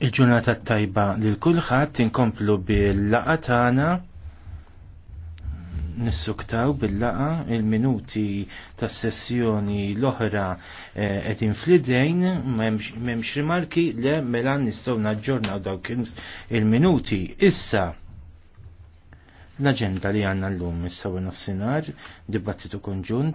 Il-ġurnata tajba li l-kulħadd inkomplu bil-laqa tagħna nissuktaw bil-laqa il-minuti tas sessjoni l-oħra eh, qed flidejn, m'hemmx rimarki le mela nistgħu naġġornaw dawk il-minuti issa l-aġenda li għandna llum issa u nofsinhar dibattitu konġunt